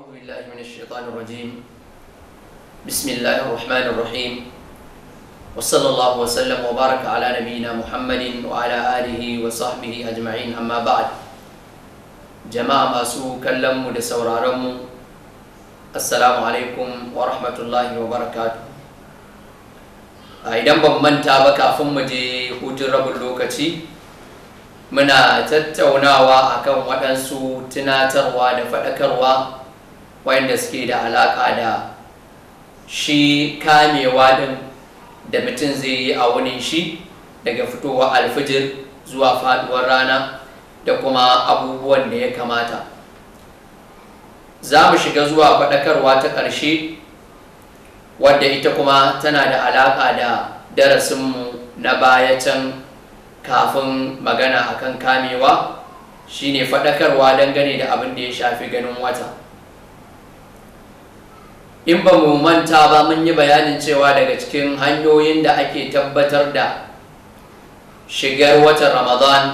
أعوذ بالله من الشيطان الرجيم بسم الله الرحمن الرحيم وصلى الله وسلم وبارك على نبينا محمد وعلى آله وصحبه أجمعين أما بعد جماعة masu kallonmu da sauraronmu assalamu alaikum wa rahmatullahi wa barakatu idan ban manta ba kafin mu je hutun rabin lokaci muna tattaunawa akan waɗansu tunatarwa da faɗakarwa wayanda suke da alaka da shi kamewa din da mutum zai yi a wunin shi daga fitowa alfijir zuwa faduwar rana da kuma abubuwan da ya kamata za mu shiga zuwa faɗakarwa ta ƙarshe wadda ita kuma tana da alaƙa da darasinmu na baya can kafin magana akan kamewa shine faɗakarwa dangane da abin da ya shafi ganin wata in ba mu manta ba mun yi bayanin cewa daga cikin hanyoyin da ake tabbatar da shigar watan ramadan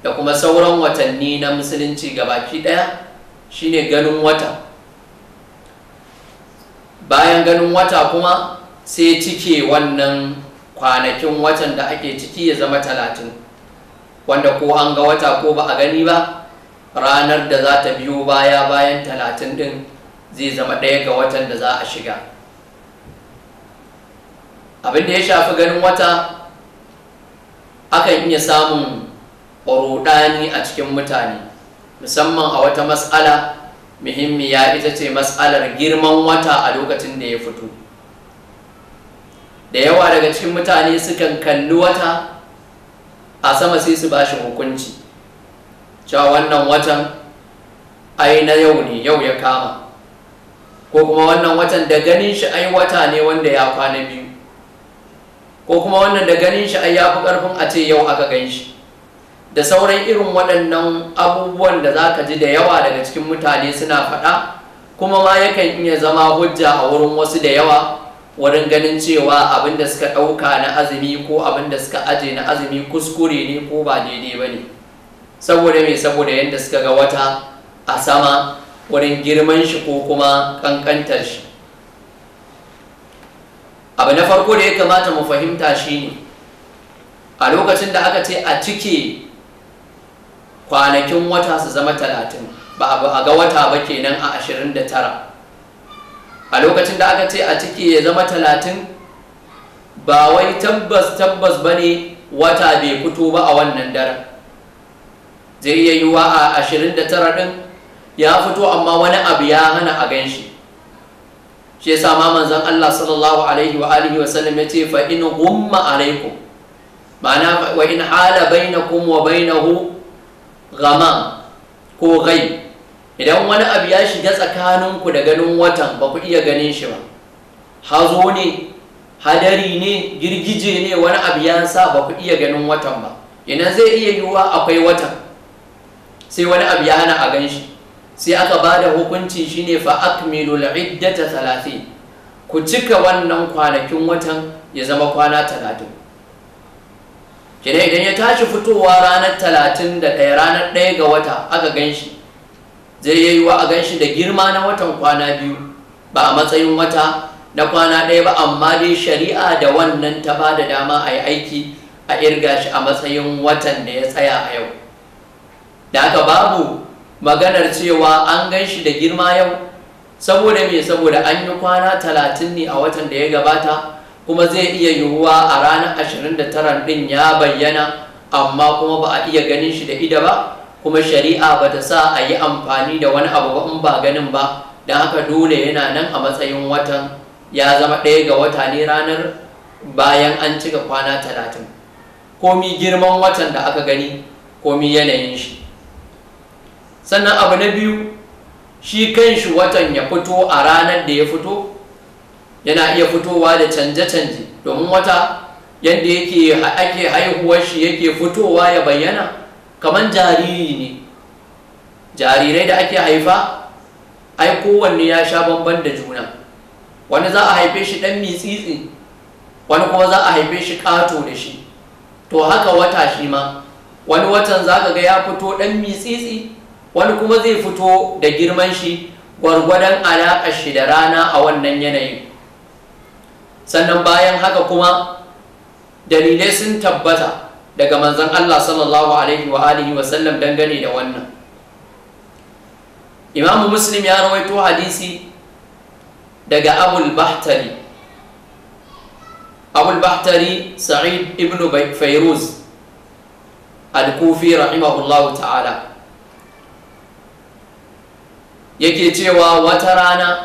da kuma sauran watanni na musulunci gabaki daya shine ganin wata bayan ganin wata kuma sai cike wannan kwanakin watan da ake ciki ya zama talatin wanda ko an ga wata ko ba a gani ba ranar da za ta biyo baya bayan talatin din zai zama ɗaya ga watan da za a shiga abin da ya shafi ganin wata akan iya samun ƙwarudani a cikin mutane musamman a wata matsala muhimmiya ita ce matsalar girman wata a lokacin da ya fito da yawa daga cikin mutane sukan kalli wata a sama sai su bashi hukunci cewa wannan watan ai na yau ne yau ya kama ko kuma wannan watan da ganin shi ai wata ne wanda ya kwana biyu ko kuma wannan da ganin shi ai ya fi ƙarfin a ce yau aka gan shi da sauran irin waɗannan abubuwan da za ka ji da yawa daga cikin mutane suna faɗa kuma ma yakan iya zama hujja a wurin wasu da yawa wurin ganin cewa abin da suka ɗauka na azumi ko abin da suka aje na azumi kuskure ne ko ba daidai ba ne saboda me saboda yadda suka ga wata a sama wurin girman shi ko kuma kankantar shi abu na farko da ya kamata mu fahimta shine a lokacin da aka ce a cike kwanakin wata su zama talatin ba a ga wata ba kenan a ashirin da tara a lokacin da aka ce a cike ya zama talatin ba wai tabbas tabbas ba ne wata bai fito ba a wannan dare zai iya yiwuwa a ashirin da tara ɗin ya fito amma wani abu ya hana a gan shi shi yasa ma manzon Allah sallallahu alaihi wa alihi wa sallam yace fa in gumma alaikum ma'ana wa in hala bainakum wa bainahu gama ko gai idan wani abu ya shiga tsakaninku da ganin watan ba ku iya ganin shi ba hazo ne hadari ne girgije ne wani abu ya sa ba ku iya ganin watan ba idan zai iya yiwuwa akwai watan sai wani abu ya hana a gan shi sai aka ba da hukunci shine fa akmilul iddata 30 ku cika wannan kwanakin watan ya zama kwana talatin. kenan idan ya tashi fitowa ranar talatin da ɗaya ranar ɗaya ga wata aka ganshi zai yi wa a shi da girma na watan kwana biyu ba a matsayin wata na kwana ɗaya ba amma dai shari'a da wannan ta ba da dama a yi aiki a irga shi a matsayin watan da ya tsaya a yau da aka babu maganar cewa an gan shi da girma yau saboda me saboda an yi kwana talatin ne a watan da ya gabata kuma zai iya yiwuwa a ranar ashirin da ɗin ya bayyana amma kuma ba a iya ganin shi da ida ba kuma shari'a ba ta sa a yi amfani da wani abu ba in ba ganin ba don haka dole yana nan a matsayin watan ya zama ɗaya ga wata ne ranar bayan an cika kwana talatin komi girman watan da aka gani komi yanayin shi sannan abu na biyu shi kanshi watan ya fito a ranar da ya fito yana iya fitowa da canje-canje domin wata yadda yake ake haihuwar shi yake fitowa ya bayyana kamar jariri ne jarirai da ake haifa ai kowanne ya sha bamban da juna wani za a haife shi ɗan mitsitsi wani kuma za a haife shi ƙato da shi to haka wata shi ma wani watan za ga ya fito ɗan mitsitsi wani kuma zai fito da girman shi gwargwadon alaƙa shi da rana a wannan yanayin sannan bayan haka kuma dalilai sun tabbata daga manzon Allah sallallahu alaihi wa alihi wa sallam dangane da wannan Imam Muslim ya rawaito hadisi daga abul bahtari abul bahtari Sa'id ibn Fayruz al-Kufi rahimahullahu ta'ala yake cewa wata rana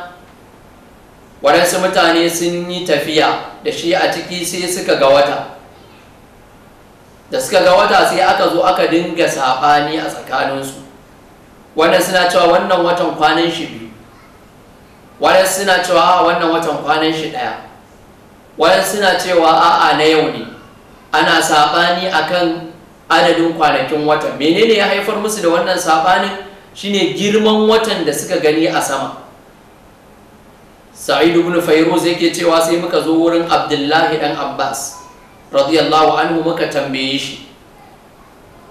waɗansu mutane sun yi tafiya da shi a ciki sai suka ga wata da suka ga wata sai aka zo aka dinga saɓani a tsakaninsu wannan suna cewa wannan watan kwanan shi biyu wannan suna cewa a wannan watan kwanan shi ɗaya wannan suna cewa a'a na yau ne ana saɓani akan adadin kwanakin watan menene ya haifar musu da wannan saɓanin shine girman watan da suka gani a sama sa'id ibn fayruz yake cewa sai muka zo wurin abdullahi dan abbas radiyallahu anhu muka tambaye shi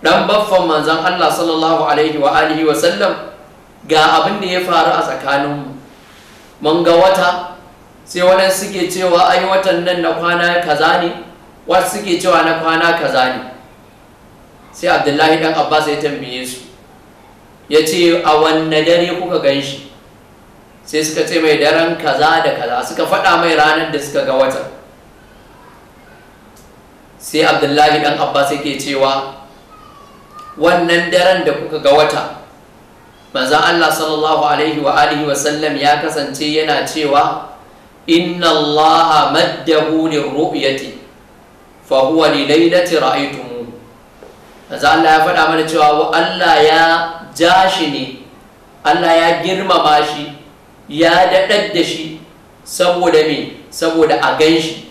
dan baffan manzon Allah sallallahu alaihi wa alihi wa sallam ga abin da ya faru a tsakaninmu mun ga wata sai waɗansu suke cewa ai watan nan na kwana kaza ne wasu suke cewa na kwana kaza ne sai abdullahi dan abbas ya tambaye su ya ce a wanne dare kuka gan shi sai suka ce mai daren kaza da kaza suka faɗa mai ranar da suka ga watan sai abdullahi dan abbas yake cewa wannan daren da kuka ga wata manzan allah sallallahu alaihi wa alihi wa sallam ya kasance yana cewa inna allaha maddahu lirru'yati fa huwa li lailati ra'aytumu manzan allah ya faɗa mana cewa allah ya ja shi ne Allah ya girmama shi ya daɗar da shi saboda me saboda a gan shi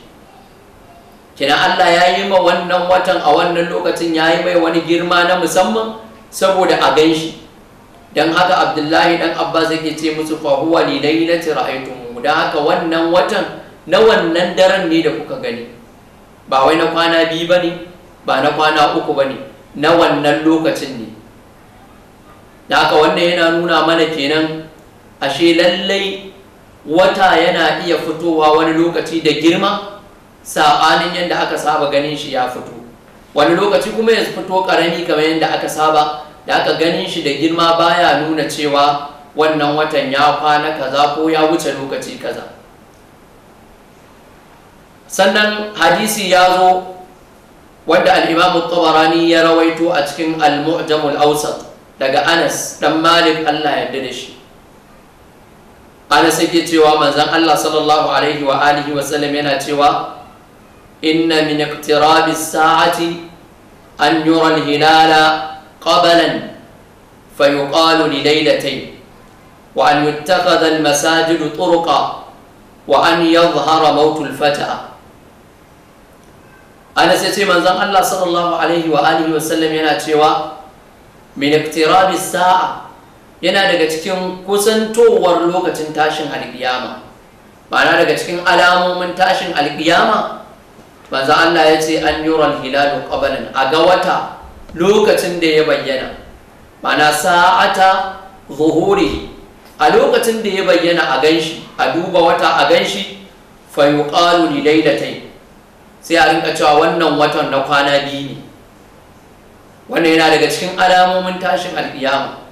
kina Allah ya yi ma wannan watan a wannan lokacin ya yi mai wani girma na musamman saboda a gan shi don haka abdullahi dan abbas yake ce musu fa na lilailati ra'aytumuhu don haka wannan watan na wannan daren ne da kuka gani ba wai na kwana biyu ba ne ba na kwana uku ba ne na wannan lokacin ne da haka wanda yana nuna mana kenan ashe lallai wata yana iya fitowa wani lokaci da girma saɓanin yadda aka saba ganin shi ya fito wani lokaci kuma ya fito ƙarami kamar yadda aka saba da aka ganin shi da girma baya nuna cewa wannan watan ya kwana kaza ko ya wuce lokaci kaza sannan hadisi ya zo wanda al'imamu tabarani ya rawaito a cikin al-mu'jamul awsat daga anas dan malik allah yarda da shi anas yake cewa manzan allah sallallahu alaihi wa alihi wa sallam yana cewa inna min iqtirabi sa'ati an yura al-hilala qablan fayuqalu li laylatayn wa an yuttakhadha al-masajid turuqa wa an yadhhara mautu al-fata anas yace manzan allah sallallahu alaihi wa alihi wa sallam yana cewa min sa'a yana daga cikin kusantowar lokacin tashin alkiyama ma'ana daga cikin alamomin tashin alkiyama manzo Allah ya ce an yural hilalu qablan a ga wata lokacin da ya bayyana ma'ana sa'ata zuhurihi a lokacin da ya bayyana a ganshi a duba wata a ganshi fa yuqalu li sai a rinka cewa wannan watan na kwana biyu ne wannan yana daga cikin alamomin tashin alkiyama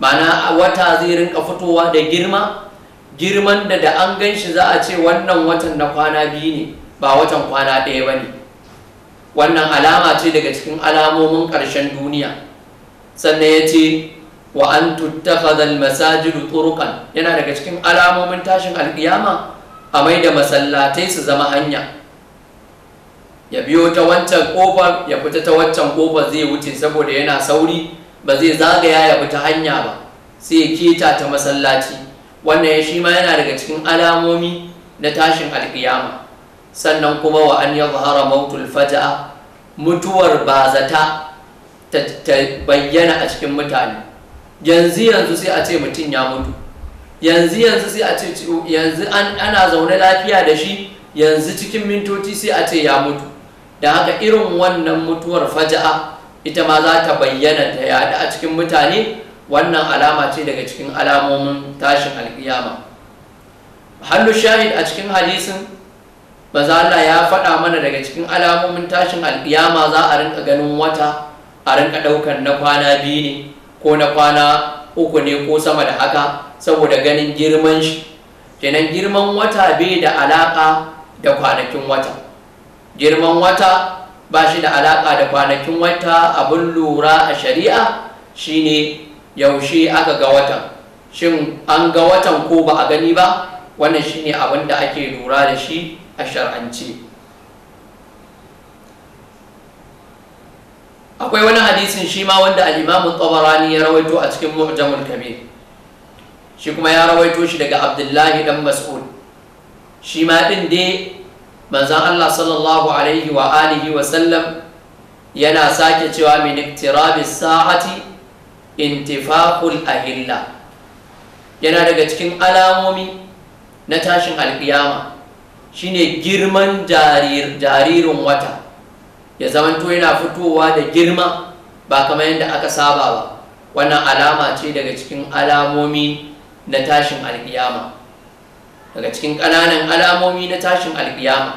mana wata zai rinka fitowa da girma girman da da an gan shi za a ce wannan watan na kwana biyu ne ba watan kwana ɗaya ba ne wannan alama ce daga cikin alamomin ƙarshen duniya sannan ya ce wa an tuttakhadha al-masajidu turuqan yana daga cikin alamomin tashin alkiyama a mai da masallatai su zama hanya ya biyo ta wancan kofar ya fita ta waccan kofar zai wuce saboda yana sauri ba zai zagaya ya fita hanya ba sai ya keta ta masallaci wannan ya shi ma yana daga cikin alamomi na tashin alkiyama sannan kuma wa an yadhhara mautul faja'a mutuwar bazata ta bayyana a cikin mutane yanzu yanzu sai a ce mutum ya mutu yanzu yanzu sai a ce yanzu ana zaune lafiya da shi yanzu cikin mintoci sai a ce ya mutu da haka irin wannan mutuwar faja'a ita ma za ta bayyana ta yaɗu a cikin mutane wannan alama ce daga cikin alamomin tashin alkiyama hannu shahid a cikin hadisin maza Allah ya faɗa mana daga cikin alamomin tashin alkiyama za a rinka ganin wata a rinka ɗaukar na kwana biyu ne ko na kwana uku ne ko sama da haka saboda ganin girman shi kenan girman wata bai da alaƙa da kwanakin wata girman wata ba shi da alaƙa da kwanakin wata abin lura a shari'a shine yaushe aka ga watan shin an ga watan ko ba a gani ba wannan shine abin da ake lura da shi a shar'ance akwai wani hadisin shi ma wanda al-imamu tabarani ya rawaito a cikin mu'jamul kabir shi kuma ya rawaito shi daga abdullahi dan mas'ud shi ma din dai manzan Allah sallallahu alaihi wa alihi wa sallam yana sake cewa min iktirabis sa'ati intifaqul ahilla yana daga cikin alamomi na tashin alkiyama shine girman jaririn wata ya zamanto yana fitowa da girma ba kamar yadda aka saba ba wannan alama ce daga cikin alamomi na tashin alkiyama daga cikin ƙananan alamomi na tashin alƙiyama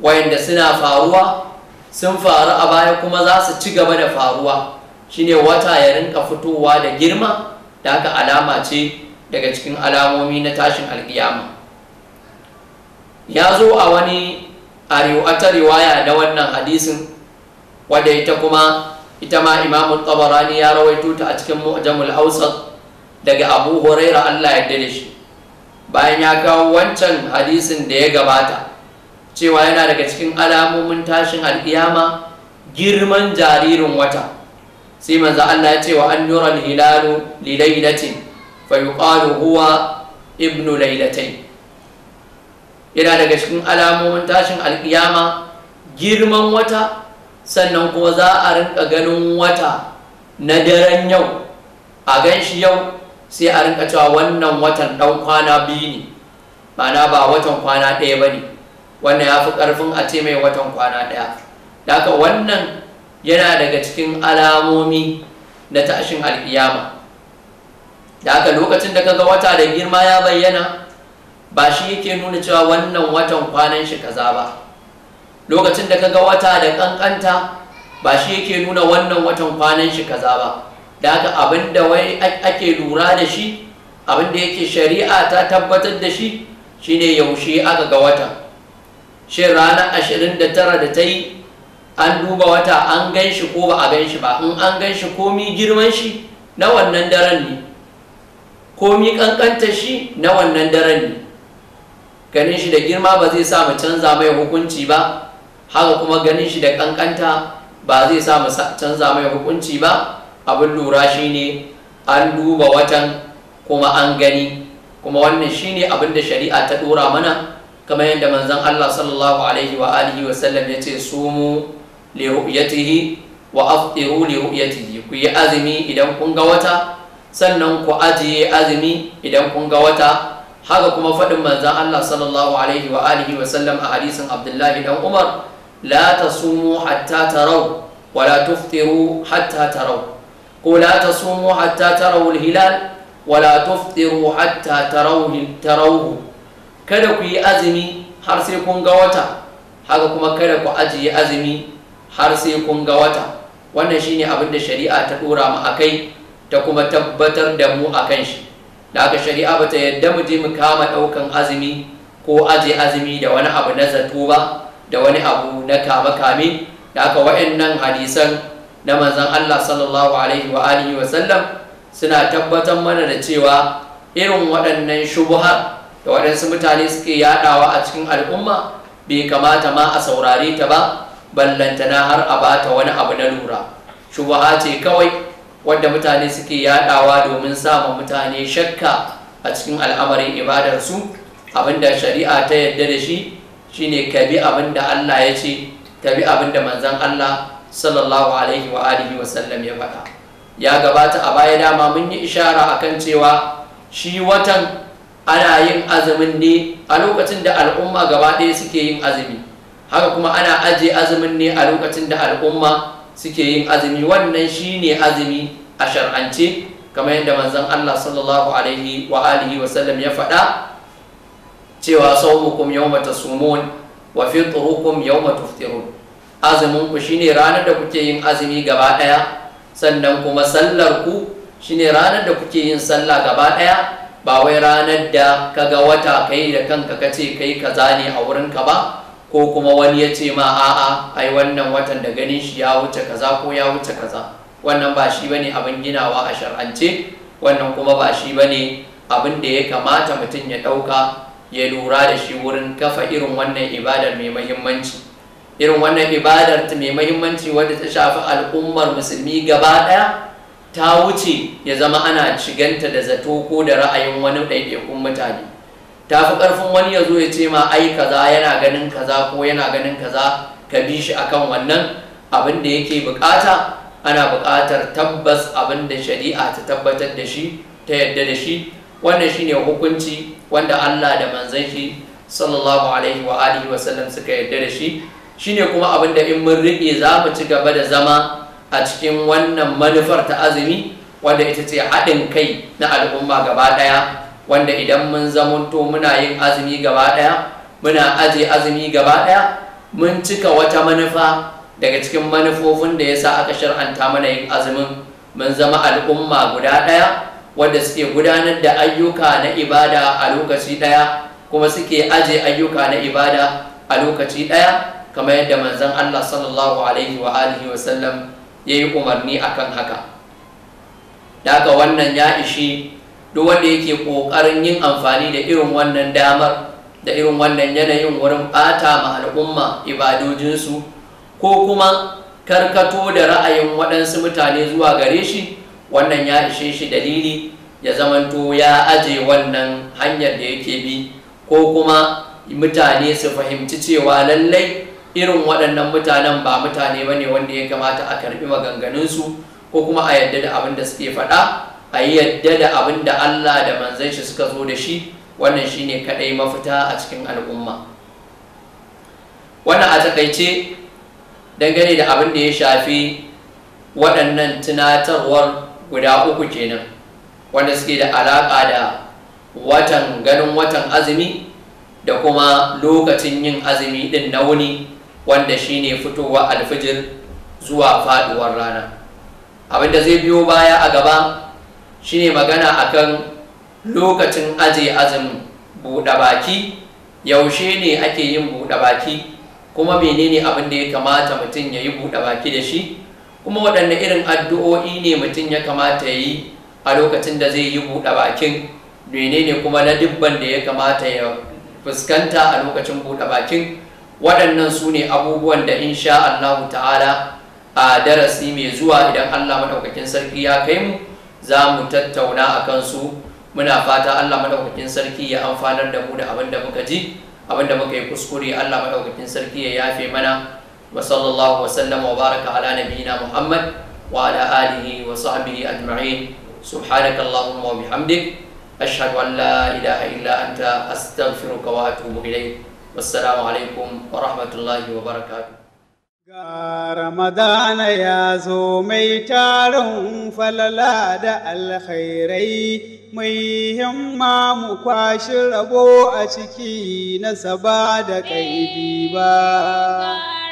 wayanda suna faruwa sun faru a baya kuma za su ci gaba da faruwa shine wata ya rinka fitowa da girma da haka alama ce daga cikin alamomi na tashin alƙiyama ya zo a wani ariwatar riwaya na wannan hadisin wadda ita kuma ita ma imamu tabarani ya rawaito ta a cikin mu'jamul hausa daga abu huraira allah ya da shi bayan ya kawo wancan hadisin da ya gabata cewa yana daga cikin alamomin tashin alkiyama girman jaririn wata sai manzo Allah ya ce wa an yura hilalu li laylatin fa yuqalu huwa ibnu laylatayn yana daga cikin alamomin tashin alkiyama girman wata sannan kuma za a rinka ganin wata na daren yau a gan shi yau sai a rinka cewa wannan watan ɗan kwana biyu ne ma'ana ba watan kwana ɗaya ba ne wannan ya fi ƙarfin a ce mai watan kwana ɗaya daga wannan yana daga cikin alamomi na tashin alkiyama da lokacin da kaga wata da girma ya bayyana ba shi yake nuna cewa wannan watan kwanan shi kaza ba lokacin da kaga wata da ƙanƙanta, ba shi yake nuna wannan watan kwanan shi kaza ba da haka abin da ake lura da shi abin da yake shari'a ta tabbatar da shi shine yaushe aka ga wata shin ranar ashirin da tara da ta yi an duba wata an gan shi ko ba a gan shi ba in an gan shi komi girman shi na wannan daren ne komi kankanta shi na wannan daren ne ganin shi da girma ba zai sa mu canza mai hukunci ba haka kuma ganin shi da kankanta ba zai sa mu canza mai hukunci ba abin lura shine an duba watan kuma an gani kuma wannan shine abin da shari'a ta dora mana kamar yadda manzan Allah sallallahu alaihi wa alihi wa sallam yace lehu ya ru'yatihi wa lehu ya ku yi azumi idan kun ga wata sannan ku ajiye azumi idan kun ga wata haka kuma faɗin manzan Allah sallallahu alaihi wa alihi wa sallam a hadisin Abdullahi dan Umar la ta sumo hatta taraw wa la tuftiru hatta taraw ko la sumu hatta tarawul hilal wala tuftiru hatta kada ku yi azumi har sai kun ga wata haka kuma kada ku ajiye azumi har sai kun ga wata wannan shine abin da shari'a ta dora mu akai ta kuma tabbatar da mu akan shi da haka shari'a bata yadda mu je mu kama daukan azumi ko aje azumi da wani abu na zato ba da wani abu na kame kame da haka waɗannan hadisan na manzan Allah sallallahu alaihi wa alihi wa sallam suna tabbatar mana da cewa irin waɗannan shubuha da waɗansu mutane suke yaɗawa a cikin al'umma bai kamata ma a saurare ta ba ballantana har a bata wani abu na lura shubuha ce kawai wadda mutane suke yaɗawa domin samun mutane shakka a cikin al'amarin ibadarsu abinda shari'a ta yadda da shi shine ka bi abinda Allah ya ce ka bi abinda manzon Allah sallallahu alaihi wa alihi wa sallam ya faɗa ya gabata a baya dama mun yi ishara akan cewa shi watan ana yin azumin ne a lokacin da al'umma gaba ɗaya suke yin azumi haka kuma ana aje azumin ne a lokacin da al'umma suke yin azumi wannan shi ne azumi a shar'ance kamar yadda manzon Allah sallallahu alaihi wa alihi wa sallam ya faɗa cewa sawmukum yawma tasumun wa fitrukum yawma tuftirun azumin ku shine ranar da kuke yin azumi gaba ɗaya sannan kuma sallar ku shine ranar da kuke yin sallah gaba ɗaya ba wai ranar da kaga wata kai da kanka ka ce kai kaza ne a wurin ka ba ko kuma wani ya ce ma a'a ai wannan watan da ganin shi ya wuce kaza ko ya wuce kaza wannan ba shi bane abin ginawa a shar'ance wannan kuma ba shi bane abin da ya kamata mutum ya ɗauka ya lura da shi wurin kafa irin wannan ibadar mai muhimmanci irin wannan ibadar ta mai mahimmanci wadda ta shafi al'ummar musulmi gaba ɗaya ta wuce ya zama ana shiganta da zato ko da ra'ayin wani ɗaiɗaikun mutane ta fi ƙarfin wani ya zo ya ce ma ai kaza yana ganin kaza ko yana ganin kaza ka bi shi akan wannan abin da yake bukata ana buƙatar tabbas abin da shari'a ta tabbatar da shi ta yadda da shi wannan shine hukunci wanda Allah da manzon shi sallallahu alaihi wa alihi wa sallam suka yadda da shi shine kuma abin da in mun riƙe za mu ci gaba da zama a cikin wannan manufar ta azumi wanda ita ce haɗin kai na al'umma gaba ɗaya wanda idan mun zamanto muna yin azumi gaba ɗaya muna aje azumi gaba ɗaya mun cika wata manufa daga cikin manufofin da ya sa aka shar'anta mana yin azumin mun zama al'umma guda ɗaya wanda suke gudanar da ayyuka na ibada a lokaci ɗaya kuma suke aje ayyuka na ibada a lokaci ɗaya kamar yadda manzon Allah sallallahu alaihi wa alihi wa sallam yayi umarni akan haka daga wannan ya ishi duk wanda yake kokarin yin amfani da irin wannan damar da irin wannan yanayin wurin ɓata ma al'umma ibadojinsu ko kuma karkato da ra'ayin waɗansu mutane zuwa gare shi wannan ya ishe shi dalili ya zamanto ya aje wannan hanyar da yake bi ko kuma mutane su fahimci cewa lallai irin waɗannan mutanen ba mutane ba ne wanda ya kamata a karɓi maganganunsu ko kuma a yadda da abin da suke faɗa a yi yadda da abin da Allah da manzan shi suka zo da shi wannan shi ne kaɗai mafita a cikin al'umma wannan a takaice dangane da abin da ya shafi waɗannan tunatarwar guda uku kenan wanda suke da alaƙa da watan ganin watan azumi da kuma lokacin yin azumi ɗin na wuni wanda shine fitowa alfijir zuwa faduwar rana Abin da zai biyo baya a gaba shine magana akan lokacin aje azin buɗe baki yaushe ne ake yin buɗe baki kuma menene abin da ya kamata mutum ya yi buɗe baki da shi kuma waɗanne irin addu'o'i ne mutum ya kamata ya yi a lokacin da zai yi buɗe bakin menene kuma na dubban da ya kamata ya fuskanta a lokacin buɗe bakin waɗannan su ne abubuwan da insha Allahu ta'ala a darasi mai zuwa idan Allah maɗaukakin sarki ya kai mu za mu tattauna a kansu muna fata Allah maɗaukakin sarki ya amfanar da mu da abin da muka ji abin da muka yi kuskure Allah maɗaukakin sarki ya yafe mana wa sallallahu wa sallam wa baraka ala nabiyyina Muhammad wa ala alihi wa sahbihi ajma'in subhanaka allahumma wa bihamdik ashhadu an la ilaha illa anta astaghfiruka wa atubu ilayk wassalamu alaikum wa rahmatullahi wa barakatu ga ramadana ya zo mai taron falala da alkhairai mai himma mu kwashi rabo a ciki na saba da kaidi ba